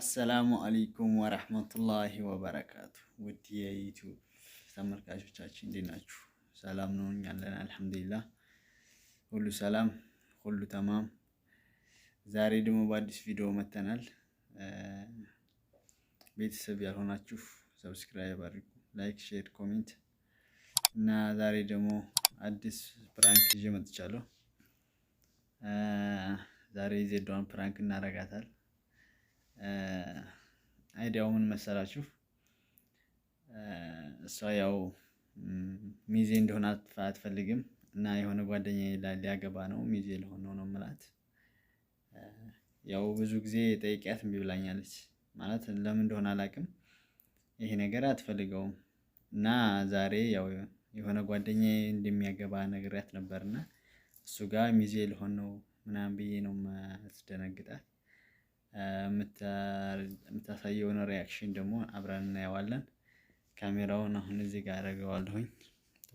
አሰላሙ አለይኩም ወረህመቱላሂ ወበረካቱ። ውድ የዩቲዩብ ተመልካቾቻችን እንዴት ናችሁ? ሰላም ነው ያለን፣ አልሐምዱሊላህ ሁሉ ሰላም፣ ሁሉ ተማም። ዛሬ ደግሞ በአዲስ ቪዲዮ መተናል። ቤተሰብ ያልሆናችሁ ሰብስክራይብ አድርጉ፣ ላይክ፣ ሼር፣ ኮሜንት እና ዛሬ ደግሞ አዲስ ፕራንክ ይዤ መጥቻለሁ። ዛሬ ዜዷን ፕራንክ እናረጋታል አይዲያው ምን መሰላችሁ? እሷ ያው ሚዜ እንደሆነ አትፈልግም እና የሆነ ጓደኛ ሊያገባ ነው ሚዜ ለሆነ ነው ምላት። ያው ብዙ ጊዜ ጠይቂያት እምቢ ብላኛለች። ማለት ለምን እንደሆነ አላውቅም። ይሄ ነገር አትፈልገውም እና ዛሬ ያው የሆነ ጓደኛ እንደሚያገባ ነግሪያት ነበርና እሱ ጋር ሚዜ ልሆን ነው ምናምን ብዬ ነው ማስደነግጣት የምታሳየውን ሪያክሽን ደግሞ አብረን እናየዋለን። ካሜራውን አሁን እዚህ ጋር አደርገዋለሁኝ።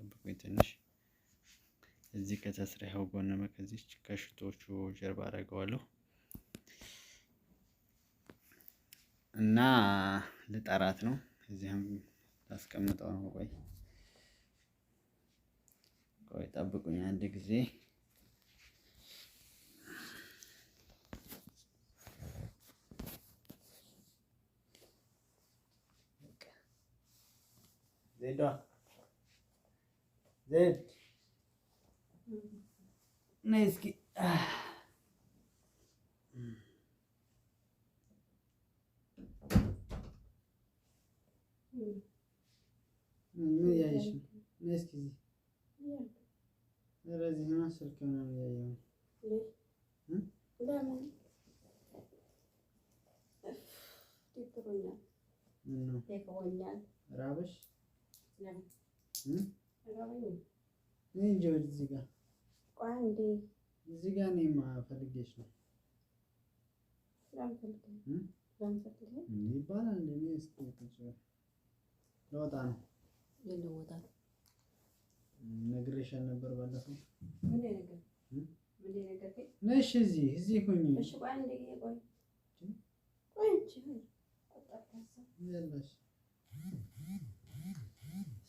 ጠብቁኝ ትንሽ እዚህ ከተስሪያው ጎን መከዚች ከሽቶቹ ጀርባ አደርገዋለሁ እና ልጠራት ነው። እዚህም ላስቀምጠው ነው። ቆይ ቆይ ጠብቁኝ አንድ ጊዜ ዜዷ ዜድ ነይ እስኪ ምን እያየሽ ነው? ነይ እስኪ ኧረ እዚህማ ስልክ ምናምን እያየሁ ነው። ደክሞኛል። ራበሽ? እንጂ እዚህ ጋር እዚህ ጋር እኔማ ፈልጌሽ ነው ይባላል። ለወጣ ነው ነግሬሻል ነበር ባለፈው። እሺ እዚህ እዚህ ሁኚ ያለሽ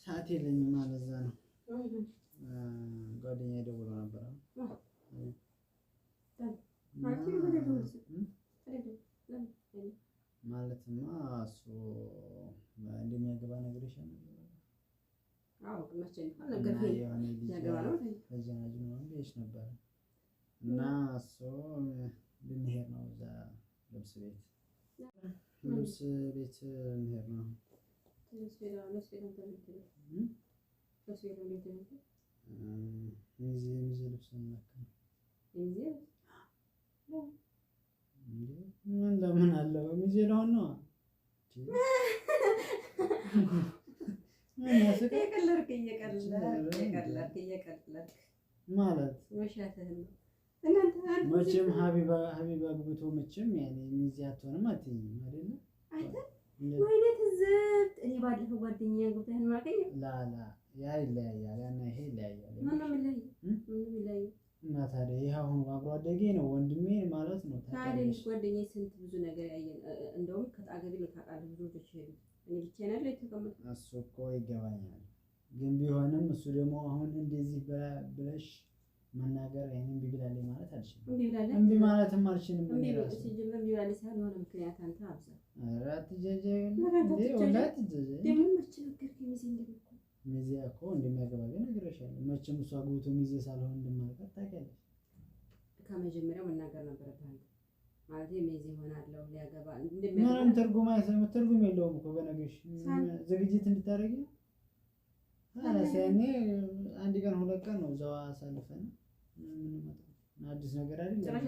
ሰዓት የለኝም። አለዛ ነው ጓደኛ ደውሎ ነበረ። ማለትማ እሱ እንደሚያገባ ነገር ይሻል ነበረ እና እሱ ልንሄድ ነው እዛ ልብስ ቤት ልብስ ቤት ልንሄድ ነው ምን ለምን አለ በሚዜ ለሆን ነው የቀለድክ እየቀለድክ እየቀለድክ ማለት መቼም ሀቢባ ሀቢባ ግብቶ መቼም ሚዜ አትሆንም አትይኝም አይደለ ወይኔ ትዝብት እኔ ባለፈው ጓደኛ ጉዳይን ማገኘ ላላ ያ ይለያያል፣ ያና ይሄ ይለያያል። ምንም ይለያያል፣ ምንም ይለያያል። እና ታዲያ ይህ አሁን አብሮ አደጌ ነው ወንድሜ ማለት ነው። ታዲያ ጓደኛዬ ስንት ብዙ ነገር ያየን፣ እንደውም ከጣገቢ ልታቃለ ብዙ ልጆች ሄዱ። እኔ ብቻዬን አይደል የተቀመጥኩ። እሱ እኮ ይገባኛል፣ ግን ቢሆንም እሱ ደግሞ አሁን እንደዚህ ብለሽ መናገር ወይም እምቢ ብላለች ማለት አልችልም። እምቢ ማለትም አልችልም። ሚዜ እኮ እንደሚያገባ ነግሬሻለሁ። መቼም እሷ አግብቶ ሚዜ ሳልሆን እንደማልቀር ታውቂያለሽ። ከመጀመሪያው መናገር ነበረብህ ማለት ሚዜ ምንም ትርጉም ትርጉም የለውም እኮ በነገሽ ዝግጅት እንድታደርጊ ያኔ አንድ ቀን ሁለት ቀን ነው እዛው አሳልፈን አዲስ ነገር አይደለም።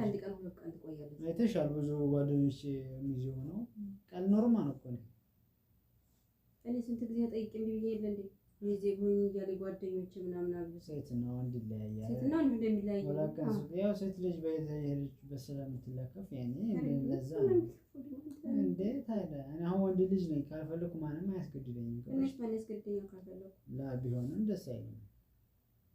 አይተሻል፣ ብዙ ጓደኞች የሚዜው ነው። ቀል ኖርማል እኮ ነው። እኔ ስንት ጊዜ ጠይቅ እንዲህ የለ ሚዜ ሆኝ እያለ ጓደኞች ምናምን አሉ። ሴት ነው ወንድ ይለያያል። ሴት ነው ወንድ ይለያያል። ያው ሴት ልጅ በሄደችበት ስለምትለከፍ ያኔ ለዛ ነው እንዴ። ታዲያ እኔ አሁን ወንድ ልጅ ነኝ፣ ካልፈለኩ ማንም አያስገድደኝም። ትንሽ ማን ያስገድደኛል ካልፈለኩ? ላ ቢሆንም ደስ አይለኝም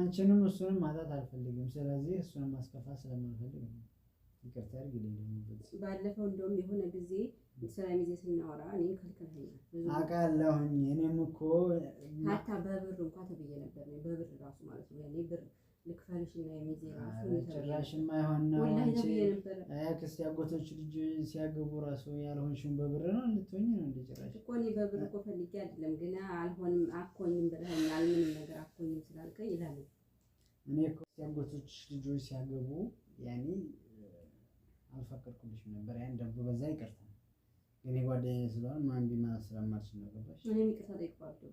አንቺንም እሱንም ማጣት አልፈልግም። ስለዚህ እሱንም ማስከፋት ስለማልፈልግ ይቅርታ አድርጊልኝ። ባለፈው እንደውም የሆነ ጊዜ ስራ ጊዜ ስናወራ እኔም ከልክለኸኛል አውቃለሁኝ። እኔም እኮ በብር እንኳ ተብዬ ነበር። በብር ራሱ ማለት ነው ብር ጭራሽማ አይሆንና ክስ ያጎቶች ልጅ ሲያገቡ ራሱ ያልሆንሽውን በብር ነው እንድትሆኝ ነው። እንደ ጭራሽ እኮ እኔ በብር እኮ ፈልጌ አይደለም፣ ግን አልሆንም አኮኝም ብለኸኛል። ምንም ነገር አኮኝም ስላልከኝ ይላል። እኔ እኮ ያጎቶች ልጆች ሲያገቡ ያኔ አልፈቀድኩልሽም ነበር። ያን ደግሞ በዛ ይቅርታ፣ ግን ጓደኛ ስለሆን ማን ቢማ ስለማልችል ነው እኔም ይቅርታ ጠይቀዋለሁ።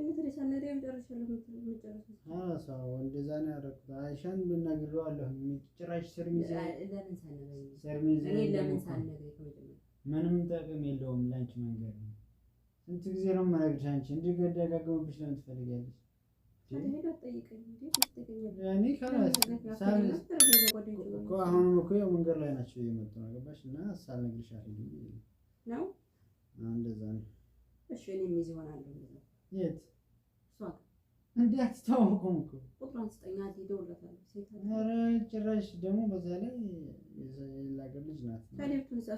እንደዛ ነው ያደረኩት። አይሻን ብናግረዋለሁ ጭራሽ ምንም ጥቅም የለውም ላንቺ መንገድ ነው። ስንት ጊዜ ነው የማደርግልሽ? አንቺ እንዲደጋግምብሽ ለምን ትፈልጊያለሽ? አሁንም እኮ መንገድ ላይ ናቸው የመጡ ነው። ገባሽ? እና ሳልነግርሽ ነው እንደዛ ነው እሺ እኔም ይዘው እሆናለሁ። የት እሷ እንዴት ታውቁም እኮ ቁጥሯን ስጠኝ አለ ኧረ ጭራሽ ደግሞ በዛ ላይ ልጅ ናት።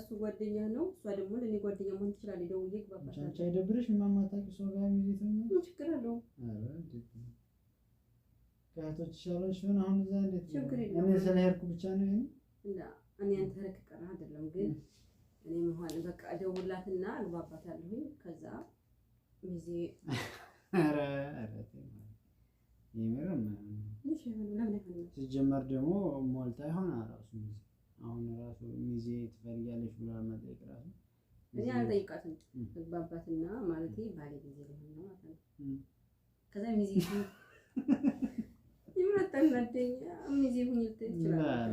እሱ ጓደኛ ነው፣ እሷ ደግሞ ለእኔ ጓደኛ መሆን ትችላለች። ደውዬ ግባባታለሁ። አይደብርሽ? የማማታውቂው ሰው ጋር ሚዜት ነው። ችግር አለው ከእህቶች አሁን እዛ እንዴት እኔ ስለሄድኩ ብቻ ነው ይሄ እኔ አንተ ረክቀና አይደለም ግን እኔ መሆን በቃ ደውላትና አግባባታለሁ። ከዛ ሚዜ ሲጀመር ደግሞ ሞልታ ይሆን ራሱ ሚዜ አሁን ራሱ ሚዜ ትፈልጊያለሽ ብላ መጠየቅ ራሱ እኔ አልጠይቃትም። አግባባትና ማለት ጊዜ ሊሆን ነው ማለት ነው። ከዛ ሚዜ ሚዜ ይችላል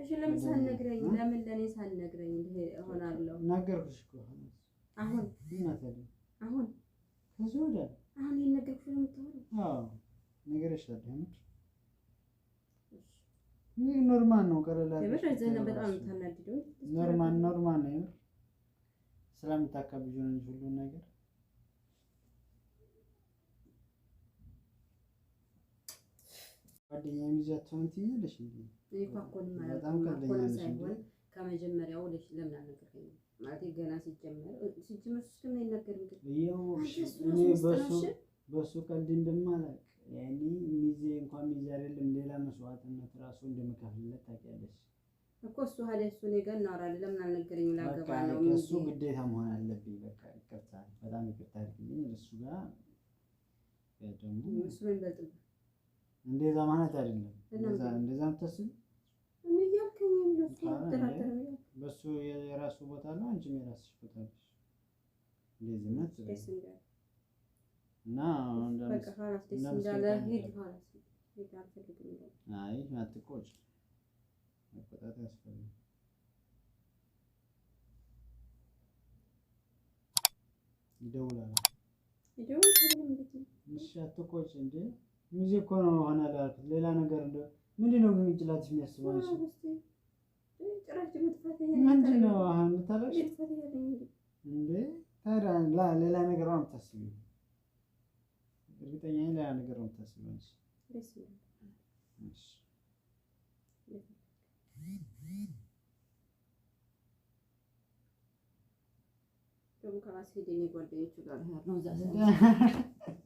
እሺ ለምን ሳትነግረኝ ለምን ለኔ ሳትነግረኝ እሆናለሁ? ነገርኩሽ እኮ አሁን አሁን አሁን ከዚህ አሁን ነው የምትሆነው? አዎ ይህ ኖርማል ነው። ቀለላ ኖርማል ኖርማል ነው ስለምታካብጂው ነው ሁሉን ነገር ጓደኛ ሚዛቸውን ትይለሽ እንዲ በጣም ሳይሆን ከመጀመሪያው ለሽ ለምን አልነገርከኝም? ማለት ገና ሲጀመር ሲጀመር ስም ይነገር በእሱ ቀልድ እንደማላቅ ያኔ ሚዜ እንኳን ሚዜ አይደለም ሌላ መስዋዕትነት ራሱ እንደምከፍልለት ታውቂያለሽ እኮ እሱ ሀደ እሱ እኔ ጋር እናወራለን። ለምን አልነገረኝ? ላገባ ነው እሱ ግዴታ መሆን አለብኝ። በቃ ይቅርታ፣ በጣም ይቅርታ አድርግልኝ። እሱ ጋር ደግሞ እሱ እንደዛ ማለት አይደለም። እንደዛ ምታስብ በሱ የራሱ ቦታ ነው፣ አንቺም የራስሽ ቦታ ነው። እንደዚህ እና አይ አትቆጭ፣ መቆጣት ያስፈልጋል። ይደውላል። እሺ አትቆጭ እንዴ ሚዜ እኮ ነው ሆነ ላልኩት ሌላ ነገር እንደ ምንድን ነው ግን ጭላትሽ የሚያስበው ምንድን ነው አሁን የምታለቅሽ እንዴ? ሌላ ነገር ነው የምታስቢው? እርግጠኛ ሌላ ነገር ነው የምታስቢው ነው እሺ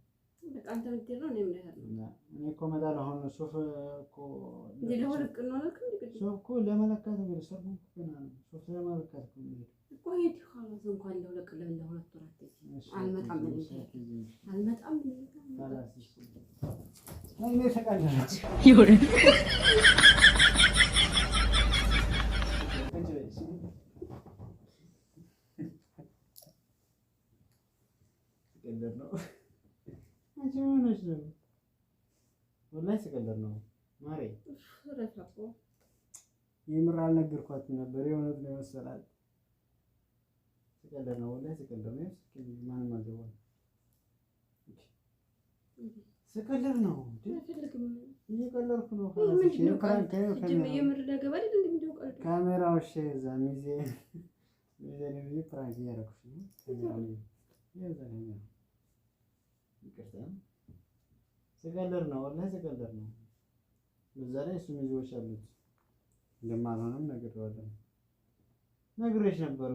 በቃ አንተ ምትል ነው እኔም ነገር ነው። እኔ እኮ እመጣለሁ አሁን ሱፍ እኮ ለሁለት ቀን ነው አልክ። ሱፍ እኮ ለመለካት ነው ሰርጉ ገና ነው። ሱፍ ለመለካት ነው እኮ ሄድ ኸላስ። እንኳን ለሁለት ቀን ለሁለት ወር አልመጣም አልመጣም አልመጣም ነው የምር አልነገርኳትም ነበር። የእውነት ነው የመሰላት። ሲቀልድ ነው ወላሂ ሲቀልድ ነው። ማንም አልገባም። ሲቀልድ ነው። እየቀለድኩ ነው። ካሜራው እሺ፣ እዛ ሚዜ ሚዜ ነው ብዬሽ ፕራንክ እያደረኩሽ ነው። ሲቀልድ ነው ወላሂ ሲቀልድ ነው። በዛ ላይ እሱ ሚዜዎች አሉት እንደማልሆንም ነግሬዋለሁ። ነግሬሽ ነበር።